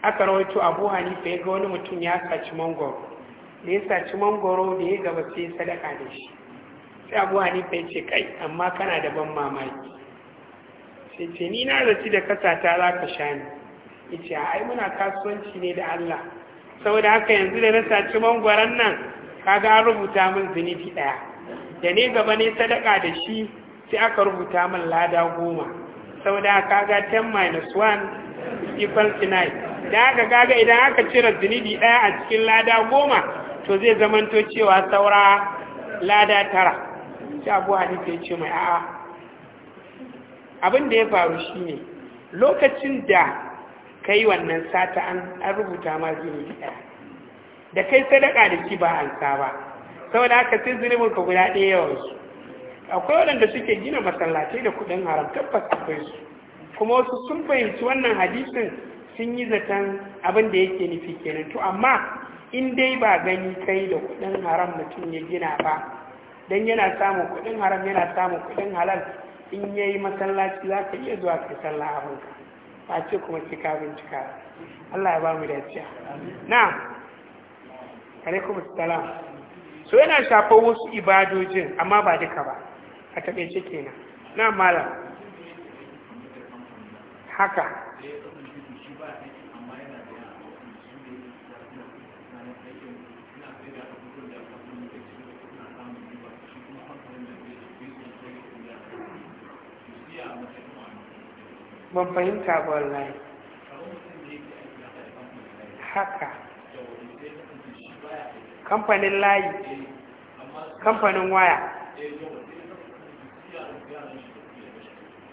aka rawaito Abu Hanifa ya ga wani mutum ya saci mangoro da ya saci mangoro da ya gaba sai sadaka da shi sai Abu Hanifa ya ce kai amma kana da ban mamaki sai ce ni na zaci da kasata za ka sha ni ya ce ai muna kasuwanci ne da Allah saboda haka yanzu da na saci mangoron nan kaga an rubuta min zinifi ɗaya da ne gaba ne sadaka da shi sai aka rubuta min lada goma sau da kaga 10 minus 1 equals 9 da aka kaga idan aka cire zinidi ɗaya a cikin lada goma to zai zamanto cewa saura lada tara shi abu hanifa ya ce mai a'a abin da ya faru shine lokacin da ka yi wannan sata an rubuta ma zinidi ɗaya da kai sadaka da ki ba an saba saboda aka sai zinibin ka guda ɗaya yawansu akwai waɗanda suke gina masallatai da kuɗin haram tabbas akwai su kuma wasu sun fahimci wannan hadisin sun yi zaton abin da yake nufi kenan to amma in dai ba gani kai da kuɗin haram mutum ya gina ba don yana samun kuɗin haram yana samun kuɗin halal in ya yi masallaci za ka iya zuwa kai sallah abinka ba ce kuma sai ka bincika Allah ya ba mu dace na alaikum salam so yana shafar wasu ibadojin amma ba duka ba a taɓaice kenan na malam haka ban fahimta ba wallahi haka kamfanin layi kamfanin waya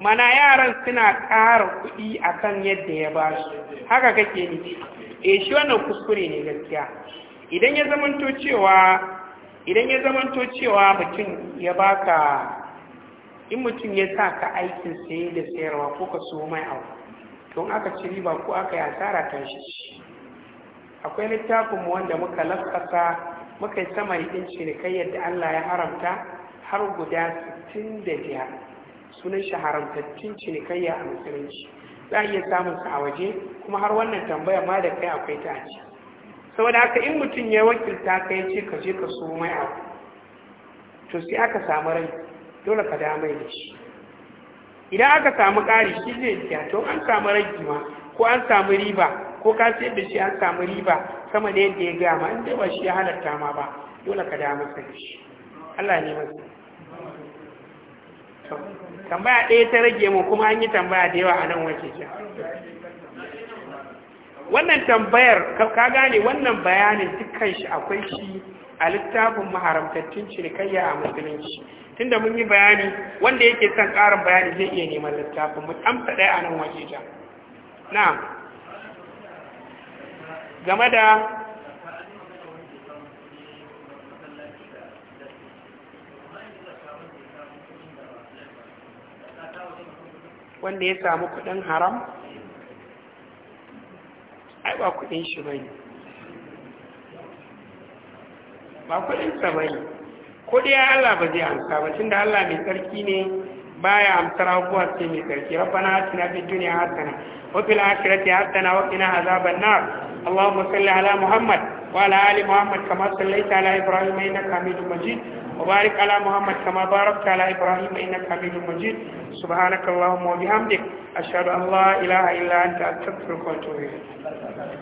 mana yaran suna ƙara kuɗi akan yadda ya ba su haka kake ni e eh, shi wannan kuskure ne gaskiya idan ya zamanto cewa idan ya zamanto cewa mutum ya baka in mutum ya sa ka aikin saye da sayarwa ko ka so mai abu to aka ci riba ko aka yi asara ta shi akwai littafin mu wanda muka lafasa muka yi samari ɗin cinikai yadda Allah ya haramta har guda da biyar. sunan shi haramtaccen cinikayya a musulunci za a iya samun sa a waje kuma har wannan tambaya ma da kai akwai ta ci saboda haka in mutum ya wakilta ka ya ce ka je ka so mai abu to sai aka samu rai dole ka damai da shi idan aka samu ƙari shi zai biya to an samu ragi ma ko an samu riba ko ka sayar da shi an samu riba sama da yadda ya gama in dai ba shi ya halatta ma ba dole ka damar da shi Allah ne masu tambaya ɗaya ta rage mu kuma an yi tambaya da yawa a nan wace ce wannan tambayar ka gane wannan bayanin dukkan shi akwai shi a littafin maharamtattun cinikayya a musulunci tunda mun yi bayani wanda yake son ƙarin bayani zai iya neman littafin mu amsa ɗaya a nan waje na game da wanda ya samu kudin haram ai ba kudin shi ba ne ba kudinsa ba ne ko dai Allah ba zai amsa ba tunda Allah mai tsarki ne baya amsar abubuwa sai mai tsarki rabbana atina fid dunya hasana wa fil akhirati hasana wa qina azaban nar allahumma salli ala muhammad wa ala ali muhammad kama sallaita ala ibrahim innaka hamidum majid وبارك على محمد كما باركت على إبراهيم إنك حميد مجيد سبحانك اللهم وبحمدك أشهد أن لا إله إلا أنت أستغفرك وأتوب إليك